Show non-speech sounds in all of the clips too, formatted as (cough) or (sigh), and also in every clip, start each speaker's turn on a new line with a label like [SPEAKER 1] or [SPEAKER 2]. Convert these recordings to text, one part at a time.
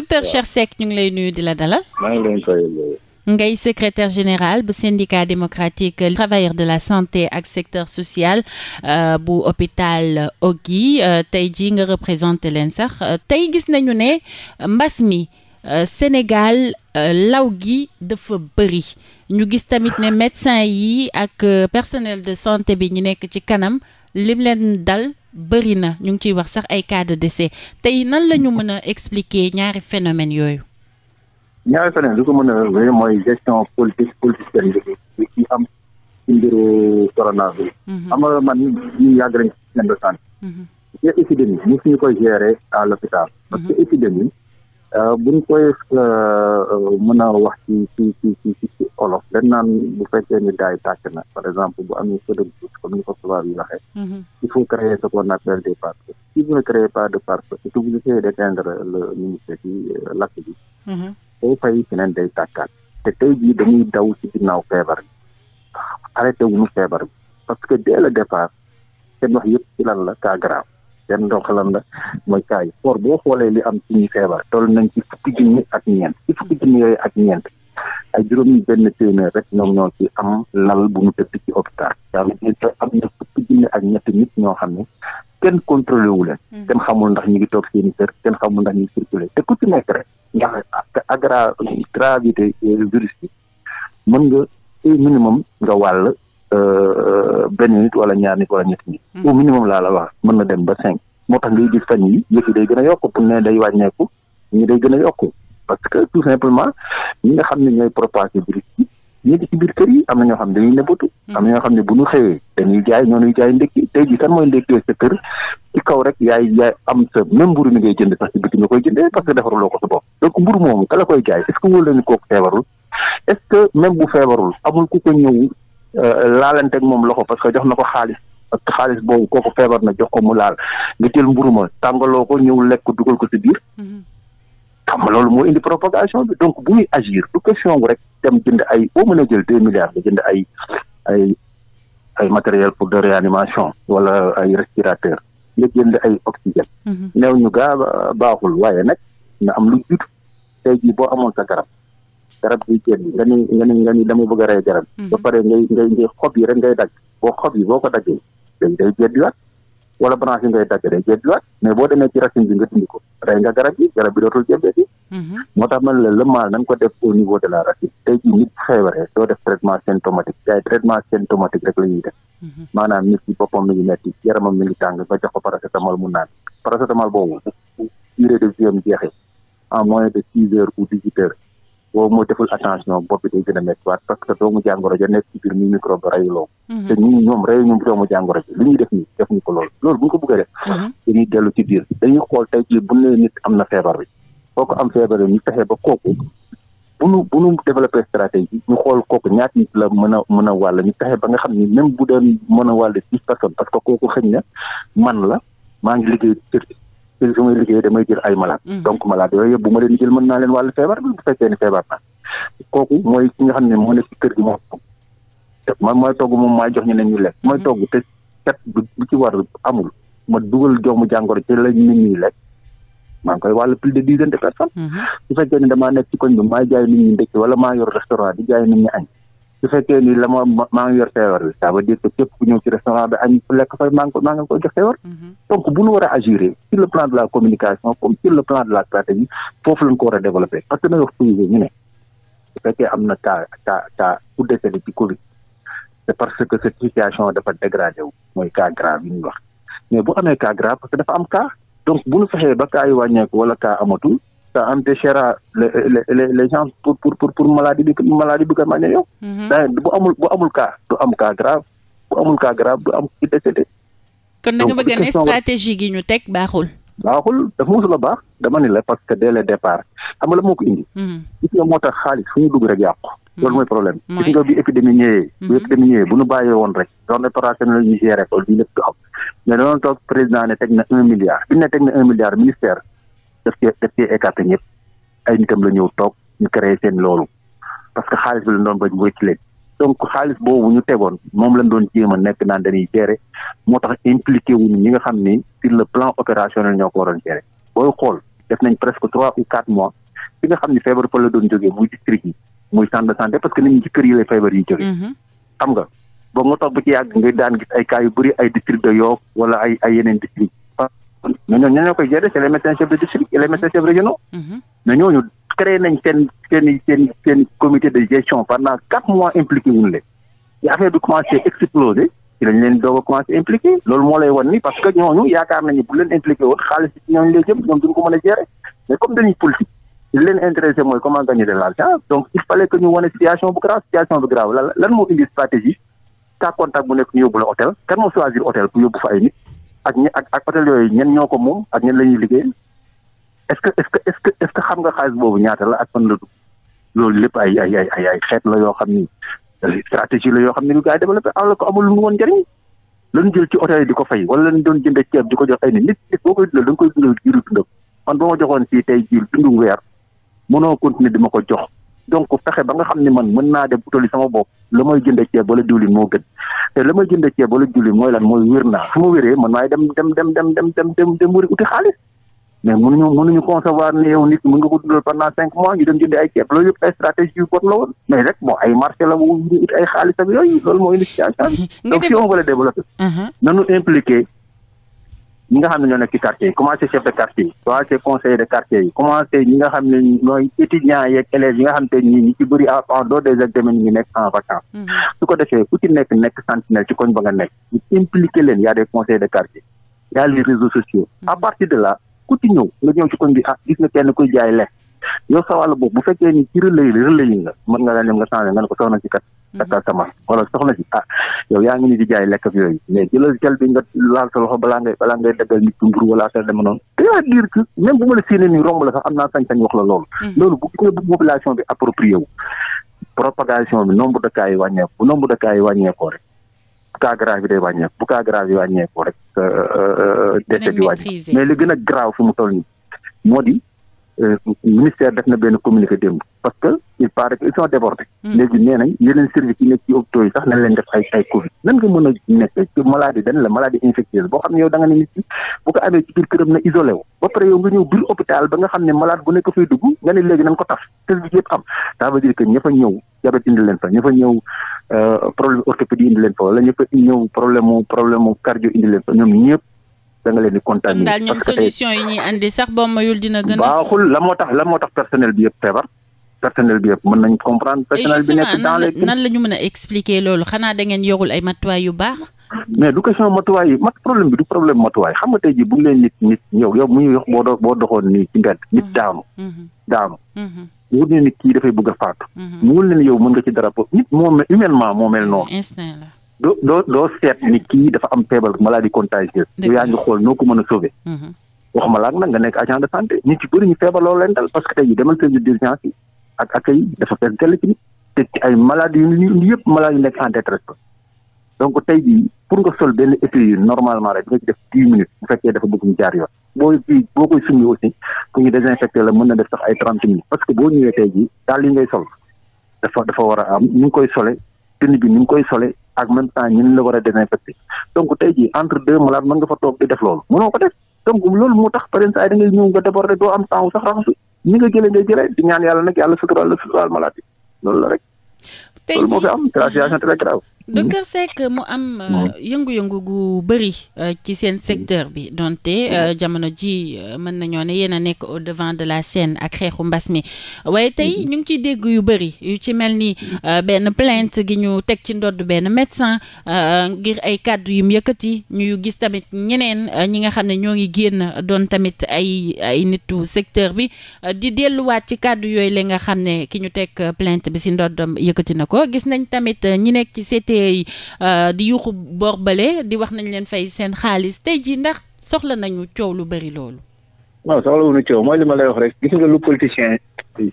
[SPEAKER 1] docteur Cheikh Seck ñu ngi lay nuyu di la dalal. maa ngi leen koy ngay secrétaire général bu syndicat démocratique travailleurs de la santé ak secteur social euh, bu hôpital Oggi euh, tey jii nga représenté leen sax euh, tey gis nañu ne mbas mi Sénégal law gi dafa bëri ñu gis tamit ne médecin yi ak personnel de santé bi ñu nekk ci kanam lim leen dal bëri na ñu ngi ciy wax sax ay cas de tey nan la ñu mën a expliquer ñaari phénomène yooyu.
[SPEAKER 2] ñaari phénomène li ko mën a wéy mooy gestion politique politicienne bi ci am ci mbiru coronavirus. Mhm. xam nga man ñu yàgg nañ ci système de ci mhm. épidémie ñu suñu koy gérer à l'hôpital parce que mhm. épidémie bu ñu koy euh, euh, mën a wax ci ci ci ci ci olof dañ naan bu fekkee ni daay tàcc na par exemple bu amee feu de brousse comme ni ko tubaab yi waxee. Mhm. il faut créer ce qu'on appelle des pare-feux si vous ne créez pas de pare-feu surtout bu ñu koy d'éteindre le ministère ci lakk bi.
[SPEAKER 1] Euh, mhm.
[SPEAKER 2] day fay feneen day tàkkaat te tey jii dañuy daw ci ginnaaw feebar bi arrêté wuñu feebar bi parce que dès le départ seen wax yëpp ci lal la cas grave. seen ndoxalam la mooy cas yi for boo xoolee li am ci ñuy feebar toll nañ ci fukki junni ak ñeent ci fukki junni yooyu ak ay juróom benn téeméer rek ñoom ñoo ci am lal bu mu tëdd ci hôpital daa am na fukki junni ak ñett nit ñoo xam ne kenn contrôlé wu leen hmm. kenn xamul ndax ñu ngi toog seeni kër kenn xamul ndax ñu ngi circulé te ku ci nekk rek ndax agra gravité virus bi mën nga minimum nga wàll Euh, benn nit wala ñaar nit wala ñetti nit. Hmm. au minimum laa la wax mën na dem ba cinq. moo tax ngay gis fan yi yëf yi day gën a yokk pour ne day wàññeeku ñi day gën a yokk parce que tout simplement ñi nga xam ne ñooy propager virus ñu ngi biir am na ñoo xam ne dañuy nëbbatu. Hmm. am na xam ne bu ñu xëyee dañuy jaay ñoo ñuy jaay ndekki tey jii kan mooy ndekkee sa kër ci kaw rek yaay yaay am sa même mburu mi ngay jënd sax ci biti nga koy jëndee parce que defaruloo ko sa bopp. donc mburu moomu ka la koy jaay est bu feebarul amul ku Euh, laalanteeg moom loxo parce que jox na ko xaalis parce que xaalis boobu kooku feebar na jox ko mu laal nga jël mburu ma tàngaloo ko ñëw lekk dugal ko ci biir. Mhm. xam nga loolu moo indi propagation bi donc bu ñuy agir du question wu rek dem jënd ay boo mën a jël deux milliards nga jënd ay ay ay matériel pour de réanimation wala ay respirateur nga jënd ay oxygène. Mhm. néew ñu gaa baaxul waaye nag na am lu jiitu tey jii boo amoon sa garab. garab gi génn nga ni nga ni dama bëgg a rey garab mhm. ba pare ngay xob yi rek ngay dagg boo xob yi boo ko daggee day day jeddiwaat wala branche yi ngay dagg day jeddiwaat mais boo demee ci racine bi nga dindi ko nga garab yi garab bi dootul jebbeeti mhm. moo tax man la le mal ko def au niveau de la racine tey jii nit feebaree doo def traitement symptomatique yaay traitement symptomatique rek la def mhm. maanaam nit ci boppam mi ngi metti mi tàng nga boobu moo deful attention bopp bi day gën a méttiwaat parce que doomu jàngoro ja nekk ci biir mi microbe reyuloo mhm. te ñun ñoom reyu ñu doomu jàngoro ji li ñuy def nii def ñu ko loolu loolu bu ñu ko bëggee def mhm. dañuy dellu ci biir dañuy xool tey bu ne nit am na feebar bi foo ko am feebar bi ñu fexe ba kooku bu nu bu nu développé stratégie ñu xool kooku ñaata la mën a mën a wàll ñu fexe ba nga xam ni même bu doon mën a wàll dix personnes parce ci su may liggéey damay jël ay malade mm-hmm. donc malade yooyu yëpp bu ma leen jël mën naa leen wàllu feebar bi bu fekkee ni feebar na kooku mooy ki nga xam ne moo nekk ci kër gi moom mooy togg moom maay jox ñu ne ñu lekk mooy mm-hmm. togg te cat ci war amul ma dugal joomu jàngoro ci lañ nit ñi lekk maa ngi koy wàllu plus de dizaine de personnes mm-hmm. su fekkee ne damaa nekk ci koñ bi maay jaay nit ñi ndekki wala maa yor restaurant di jaay nit ñi añ su fekkee ni la ma maa ngi yor feebar bi ça veut dire lekk fa maa ngi ko maa ngi ko jox feebar mhm. donc bu ñu war a agir le plan de la communication comme sur le plan de la stratégie foofu lañ ko war a développer parce que na wax privé ñu ne su fekkee am na cas cas cas ku décédé ci Covid parce que cette dafa dégradé mooy cas grave mais bu amee cas grave parce que dafa am cas donc bu ñu fexee ba cas wàññeeku wala cas amatul ça empêchera les les les gens pour pour pour pour maladie bi maladie bi gën a ñëw. Mhm. bu amul bu amul cas du am cas grave bu amul cas grave du am ci décédé.
[SPEAKER 1] kon da nga bëgg ne stratégie gi ñu teg baaxul.
[SPEAKER 2] baaxul dafa mosul a baax dama la parce que dès le départ xam moo ko indi. Mhm. moo tax xaalis fu ñu dugg rek yàqu. Mhm. loolu mooy problème gis nga bi épidémie ñëwee. bu épidémie ñëwee bu ñu bàyyee woon rek doon opérationnel ñu géré ko lii lépp du am mais danoon toog président ne teg na un milliard bi ne teg un daf cee daf cee écarté ñëpp ay nitam la ñëw toog ñu créé seen loolu parce que xaalis bi la doon bañ wécc leen donc xaalis boobu ñu tegoon moom lañ doon jéem nekk naan dañuy gérer moo tax impliqué wuñu ñi nga xam ni sur le plan opérationnel ñoo ko waroon gérer booy xool def nañ presque trois ou quatre mois fi nga xam ni feebar fa la doon jógee muy district yi muy centre de santé parce que nit ñi ci kër yi lay feebar yi jógee mhm. xam nga boo nga toog ba ci yàgg nga daan gis mais ñooñu ñoo koy gérer c'est les médecins chefs de district et les médecins régionaux. Mm-hmm. mais ñooñu créé nañ seen seen comité de gestion pendant quatre mois impliqué wuñ leen. te affaire bi commencé exploser ci leen doog a commencé impliqué loolu moo lay wan parce que ñooñu yaakaar nañu bu leen impliqué woon xaalis ñooñu lay jëm ñoom duñ ko mën a mais comme dañuy politique leen intéressé mooy comment gagner de l'argent donc il fallait que ñu wane situation ak ñi ak ak hôtel yooyu ñen ñoo ko moom ak ñen la ñuy liggéey est-ce que est-ce que est-ce que xam nga xaalis boobu ñaata la ak fan la dugg loolu lépp ay ay ay ay xeet la yoo xam ni stratégie la yoo xam ne lu gars yi développé alors que amul lu mu woon njëriñ lañu ci hôtel yi di ko fay wala lañu doon jënde ceeb di ko jox ay nit nit boo koy dundal da nga koy dundal fii tey jiir dundu weer mënoo continuer di ma ko jox donc fexe ba nga xam ne man mën naa dem utali sama bopp la may jënd ceeb wala diwlin la may jënd ceeb wala diwlin mooy lan mooy wér naa su ma wéree man maay dem dem dem dem dem dem dem dem wëri uti xaalis mais mënuñu mënuñu concevoir ne yow nit mën nga ko dundal pendant cinq mois ñu dem jëndi ay ceeb loolu yëpp ay stratégie yu bon la woon mais rek bon ay marché la wu ñu ay xaalis loolu mooy indi situation bi (laughs) donc si on veut le développer mhm. nanu impliqué ñi nga xam ne ñoo nekk ci yi commencé chef de quartier yi commencé ñi nga xam ne ñooy étudiants yeeg élèves yi nga xam te ñi ñi ci bëri en dehors des examens ñu nekk en vacances mm-hmm. su ko defee ku nekk nekk sentinelle ci koñ ba nga nekk ñu impliqué leen y de quartier y a réseaux sociaux à mm-hmm. partir de là ku ci ñëw nga ñëw ci koñ bi ah gis nga kenn kuy jaay lekk yow sa boobu bu fekkee ni ci relais yi la nem nga changé nga ne takkal sa masque soxna si ah yaa ngi ni di jaay lekk ak yooyu mais jëlal gel bi nga laal sa loxo balaa ngay balaa ngay daggal nit mburu wala affaire dama noonu bu ma la séenee nii romb la sax am naa sañ-sañ wax la loolu hmm. loolu bu gis bi approprié wu propagation bi nombre de cas yi wàññeeku bu nombre de yi wàññeekoo rek bu cas grave yi day wàññeeku bu cas grave yi wàññeekoo rek euh, euh, euh, décès bi wàññeeku mais li gën a grave fi mu toll nii moo di Euh, ministère def na benn communiqué démb parce que il paraît que ils sont débordés. Hmm. léegi nee yeneen services yi nekk ci hôpitaux yi sax nañ leen def ay Covid. nan nga mën a nekk maladie dañ la maladie infectieuse boo xam ne yow da ne nit bu ko amee ci biir këram na isolé wu. ba pare nga ñëw biir hôpital ba nga xam ne malade bu nekk fay dugg nga ne léegi nañ ko taf test bi yëpp am ça veut dire que ñëw fa ñëw problème indi leen euh, fa ñëw problème mu da nga leen di contaminer. daal ñoom solution
[SPEAKER 1] yi ñuy andi sax boo mayul dina gën a. baaxul
[SPEAKER 2] la moo tax la moo tax personnel bi yëpp feebar. personnel bi yëpp mën nañ comprendre. personnel bi nekk nan
[SPEAKER 1] la mën a expliquer loolu xanaa da ngeen ay matuwaay yu baax.
[SPEAKER 2] mais du question matuwaay yi mat problème bi du problème matuwaay xam nga tey jii leen nit nit yow yow muy wax boo boo doxoon nit mm-hmm. daanu. Mm-hmm. daanu. Mm-hmm. wut a faatu. moo mel noonu. instinct la. doo doo doo seet ni kii dafa am feebar maladie contagieuse. yaa ngi xool noo ko mën a sauver. Mhm. waxuma la ak nga nekk agent de santé ñu ci bëri ñu feebar loolu leen parce que tey demal service d'urgence yi ak accueil dafa fees dell ci normalement rek nga def dix minutes bu fekkee dafa bëgg jaar yoon boo koy summi aussi pour ñu désinfecter la mën na def sax ay trente minutes parce que boo ñëwee tey daal li ngay sol dafa dafa war a am ñu koy sole tenue bi ni mu koy sole ak même temps ñun la war a désinfecté donc tey jii entre deux malades mën nga fa toog di def loolu mënoo ko def donc loolu moo tax par exemple da ngay ñëw nga débordé doo am temps sax raxasu ñi nga jëlee ngay jëlee di ñaan yàlla nag yàlla suturaal la suturaal malade yi loolu la rek. tey loolu moo fi am c'est la
[SPEAKER 1] docteur Seck mu am euh, yëngu-yëngu gu bëri euh, ci seen mm. secteur bi donte euh, jamono ji mën nañoo ne yéen a nekk au devant de la scène ak xeexu mbas mi waaye tey mm-hmm. ñu ngi ci dégg yu bëri yu ci mel ni mm-hmm. benn plainte gi ñu teg ci ndodd benn médecin ngir ay kàddu yum mu yëkkati ñuy gis tamit ñeneen ñi nga xam ne ñoo ngi génn doon tamit ay ay nitu secteur bi di delluwaat ci kàddu yooyu la nga xam ne ki ñu teg plainte bi si ndoddam yëkkati na ko gis nañ tamit ñi nekk ci liggéey euh, di yuuxu borbale di wax nañ leen fay seen xaalis tey jii ndax soxla nañu coow lu bari loolu.
[SPEAKER 2] waaw soxla wu ñu coow mooy li ma lay wax rek gis nga lu politicien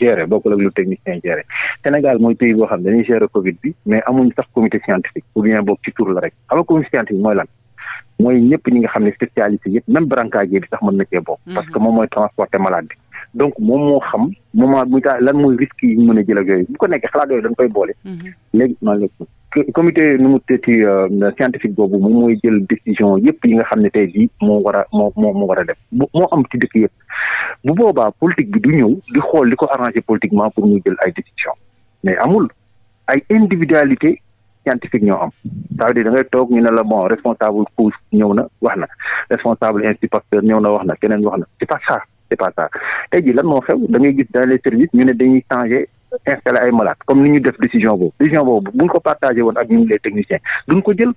[SPEAKER 2] géré bokkul ak lu technicien géré Sénégal mooy pays boo xam ne dañuy gérer Covid bi mais amuñ sax comité scientifique ou bien boog ci tur la rek xam nga scientifique mooy lan. mooy ñëpp ñi nga xam ne spécialistes yëpp même brancardier bi sax mën na cee bokk. Mm-hmm. parce que moom mooy transporter malade bi. donc moo xam lan mooy risque yi ñu mën a jël ak ko nekkee xalaat koy boole. Mm-hmm. comité nu mu tëti euh, scientifique boobu moom mooy jël décision yëpp yi nga xam ne tey jii moo war a moo moo moo war a def moo am ci dëkk yëpp bu boobaa politique bi du ñëw di xool li ko arrangé politiquement pour muy jël ay décision mais amul ay individualité scientifique ñoo am ça veut dire da toog ñu ne la bon responsable cause ñëw na wax na responsable institut Pasteur ñëw na wax na keneen wax na c'est pas ça c'est pas ça tey jii lan moo xew da gis dans les installé ay malade comme ni ñu def décision boobu décision boobu buñ ko partagé woon ak ñun les techniciens duñ ko jël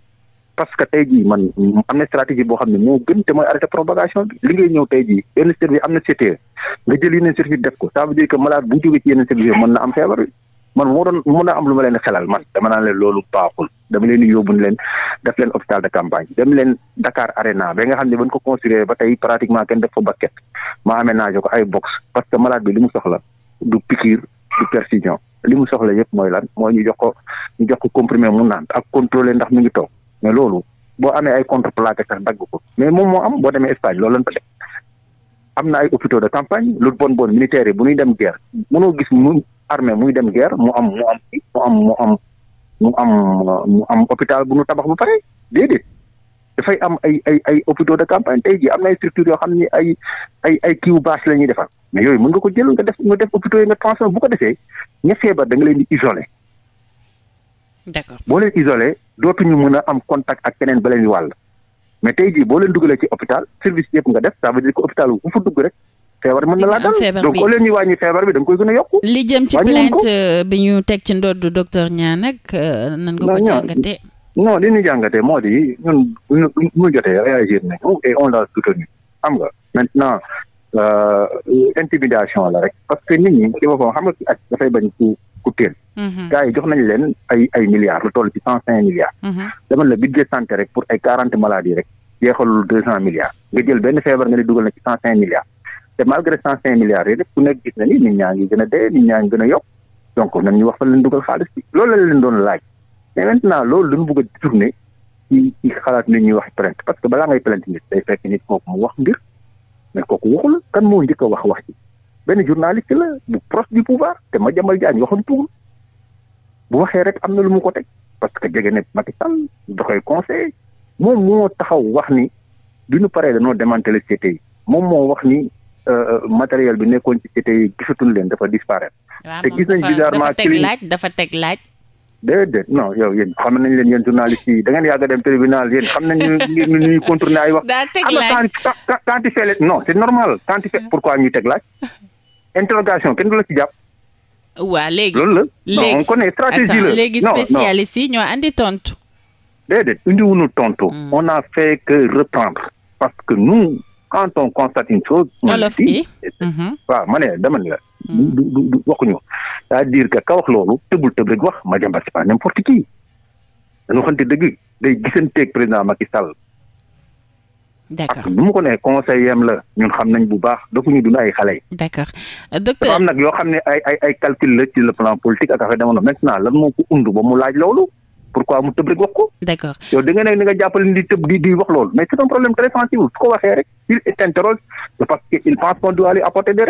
[SPEAKER 2] parce que tey jii man am na stratégie boo xam ne moo gën te mooy arrêté propagation bi li ngay ñëw tey jii yenn service am na CTE nga jël yeneen service def ko ça veut dire que malade bu jógee ci yenn service mën na am feebar bi man moo doon mën na am lu ma leen xelal man dama naan leen loolu baaxul dama leen yóbbu leen def leen hôpital de campagne dem leen Dakar Arena ba nga xam ne ba ko construire ba tey pratiquement def fa basket ma aménagé ko ay parce que malade bi li mu soxla du ci perfusion li mu soxla yëpp mooy lan mooy ñu jox ko ñu jox ko comprimé mu naan ak contrôler ndax mi ngi toog mais loolu boo amee ay contreplaqué sax dagg ko mais moom moo am boo demee Espagne loolu lañ fa def am na ay hôpitaux de campagne lu bon bon militaires bu ñuy dem guerre mënoo gis mu armée muy dem guerre mu am mu am mu am mu am mu am mu am hôpital bu ñu tabax ba pare déedéet. dafay am ay ay ay hôpitaux de campagne tey jii am na ay structures yoo xam ni ay ay ay kiiwu bâche la ñuy defar mais yooyu mën nga ko jël nga def nga def hôpitaux yi nga transformé ko defee feebar da leen di isolé. d'accord boo leen isolé dootuñu mën a am contact ak keneen ba leen di wàll mais boo leen dugalee ci hôpital service yëpp nga def ça veut dire que hôpital bu fa dugg rek. feebar mën na laa dal donc au lieu wàññi feebar bi da koy gën a yokku. li jëm ci plainte
[SPEAKER 1] euh, bi ñu teg ci ndodd docteur Niang nag euh, nan
[SPEAKER 2] nga ko jàngatee. non li ñu jàngatee moo di ñun bu ñu jotee réagir nañu et on l'a soutenu xam nga maintenant intimidation la rek parce que nit ñi ci boppam xam nga ak dafay bañ ku ku teel. jox nañ leen ay ay lu toll ci cent cinq milliards. Mhm. dama la budget santé rek pour ay eh, quarante maladies rek jeexalul deux cent milliards nga jël benn feebar nga ne dugal na ci cent cinq milliards. te malgré cent cinq milliards yi rek ku nekk gis na ni nit ñaa ngi gën a dee nit ñaa ngi a ñu wax fa leen doon laaj. mais maintenant loolu dañu bëgg a ci xalaat ne ñuy wax plainte parce que balaa ngay plainte nit day fekk nit kooku mu wax mbir mais kooku waxul kan moo njëkk wax wax ci benn journaliste la bu proche du pouvoir te ma jamal jaan waxoon tuul bu waxee rek am na lu mu ko teg parce que jege ne Macky Sall da koy conseillé moom moo taxaw wax ni du ñu paree dañoo demantele CTI yi moom moo wax ni euh, euh, matériel bi nekkoon ci CTI yi gisatuñ leen dafa disparaître. te gis nañ bizarrement déedéet non yow yéen xam nañ leen yéen journaliste yi da ngeen yàgg a dem tribunal yéen xam na ñu ñu ñuy contourner ay wax. daa teg laaj quand tu fais non c'est normal mm. pourquoi ñuy teg laaj. kenn du la ci jàpp.
[SPEAKER 1] waa léegi loolu la. non on connaît stratégie la léegi spécialiste yi ñoo tont tontu.
[SPEAKER 2] déedéet indiwuñu tontu. Mm. on a fait que reprendre. parce que nous quand on constate une chose. on le dit mm-hmm. waaw ma ne dama du du du waxuñu c'est-à-dire que ka wax loolu tëbul tëb rek wax Madiambal c'est pas n'importe qui dañu xamante dëgg day gisanteeg président Macky Sall. d'accord ak bu mu ko nee conseiller la ñun xam nañ bu baax dafa ñu dund ay xale yi. d'accord docteur am nag yoo xam ne ay ay ay calcul la le plan politique ak affaire demoon maintenant lan moo ko undu ba mu laaj loolu pourquoi mu tëb rek wax ko. d'accord yow da nga ne da nga jàppale di tëb di di wax loolu mais c'est un problème très sensible su ko waxee rek il s'interroge parce qu'il pense qu'on doit lui apporter des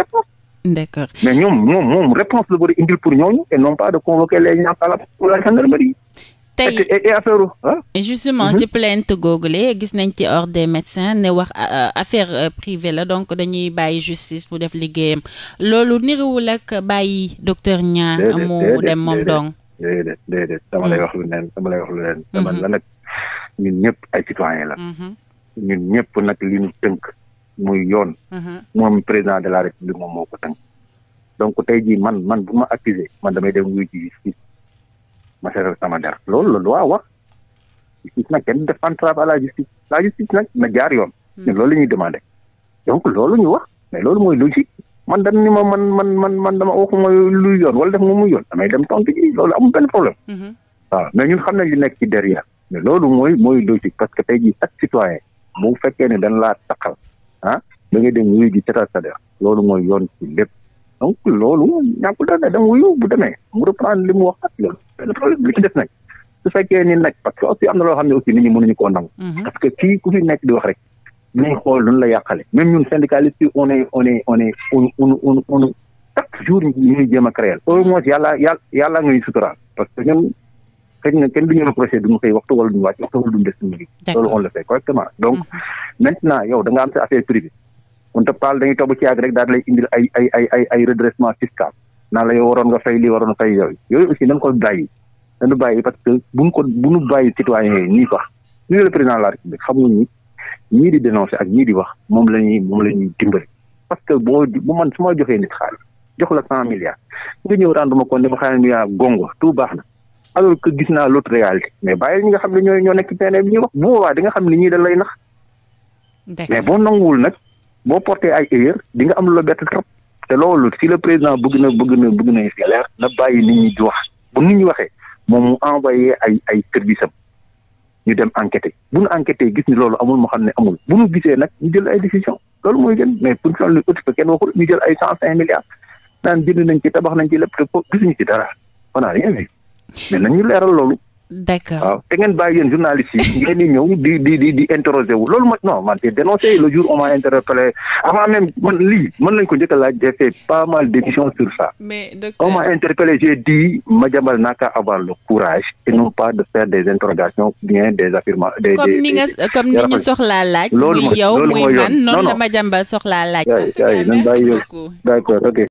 [SPEAKER 2] d'accord mais ñoom ñoom moom réponse la pour ñooñu et non pas de convoquer les gens à la pour la gendarmerie. tey et affaire ah?
[SPEAKER 1] et justement ci mhm. plainte googule gis nañ ci ordre de médecins ne wax euh, euh, affaire euh, privée la donc dañuy bàyyi justice bu def liggéeyam loolu niriwul ak bàyyi docteur Niang mu dem moom dong
[SPEAKER 2] déedéet déedéet dama lay mm. wax lu neen dama lay wax lu neen mm-hmm. dama la nag ñun ñëpp ay citoyen la mm-hmm. ñun ñëpp nag li ñu tënk muy yoon. Mhm. moom président de la république moom moo ko tënk. donc tey jii man man bu ma accusé man damay dem justice ma seetal sama der loolu la loi wax justice nag kenn def entrave à la justice la justice nag na jaar yoon. ñun mhm. loolu la ñuy demandé. donc loolu ñu wax mais loolu mooy logique man dañ ni ma man man man man dama waxuma luy yoon wala def ma muy yoon damay dem tontu ji loolu amul benn problème. Mhm. waaw mais ñun xam nañ li nekk ci derrière mais loolu mooy mooy logique parce que tey jii chaque citoyen ah da ngay dem wuyu ji tegal sa der loolu mooy yoon ci lépp donc loolu ñàkkul dara ne dama wuyu bu demee mu reprendre li mu wax ak loolu benn ci def nag su fekkee ni nag parce que aussi am na loo xam ne aussi nit ñi mënuñu koo mhm. parce que kii ku fi nekk di wax rek dinañ xool lu ñu la yàqale même ñun syndicaliste yi on est on est jour ñu ngi jéem a créer au moins yàlla yàlla yàlla ngay suturaal parce que ñun xëy na kenn du ñu reproché duñu xëy waxtu wala duñu wàcc waxtu wala duñu def suñu liggéey loolu on le fait correctement mm-hmm. donc maintenant yow da nga am sa daal di lay indil ay ay ay ay ay naan la yow waroon nga fay lii waroon nga fay yooyu yooyu aussi nañ ko bàyyi nañu bàyyi ko buñu bàyyi yi ñuy wax ñu le président de la république xam nga ni ñii di dénoncé ak ñii di wax moom la ñuy moom la ñuy dimbali parce que boo bu man su ma joxee nit xaalis la cent milliards nga ñëw rendre ma compte ne ma xaalis mi yaa gongo tout baax na alors que gis naa l'autre réalité mais bàyyi ñi nga xam ne ñooy ñoo nekk terrain bi ñuy wax bu boobaa di nga xam ne ñii da lay nax. mais boo nanguwul nag boo porté ay erreur di nga am lu la bett trop. te loolu si la président bëgg na bëgg na bëgg na si leer na bàyyi ni ñu di wax bu nit ñi waxee moom mu envoyé ay ay service ñu dem enquêter bu nu enquêter gis ni loolu amul moo xam ne amul bu nu gisee nag ñu jël ay décision loolu mooy gën mais pour ñu lu ëpp kenn waxul jël ay cent cinq milliards naan nañ ci tabax nañ ci lépp te gisuñu ci dara on mais nañu leeral loolu. d'accord waaw te ngeen bàyyi yéen journalistes yi ngeen ñëw di di di di loolu mooy non man j'ai dénoncé le jour on m'a interpellé avant même man lii mën ko njëkk a laaj j'ai fait pas mal d'émissions sur ça.
[SPEAKER 1] mais docteur m'a
[SPEAKER 2] interpellé j'ai dit Madiambal n'a qu'à avoir le courage et non pas de faire des interrogations bien des affirmations. des comme ni nga comme ni ñu
[SPEAKER 1] soxlaa laaj. loolu mooy yow muy man noonu la Madiambal soxlaa laaj.
[SPEAKER 2] d'accord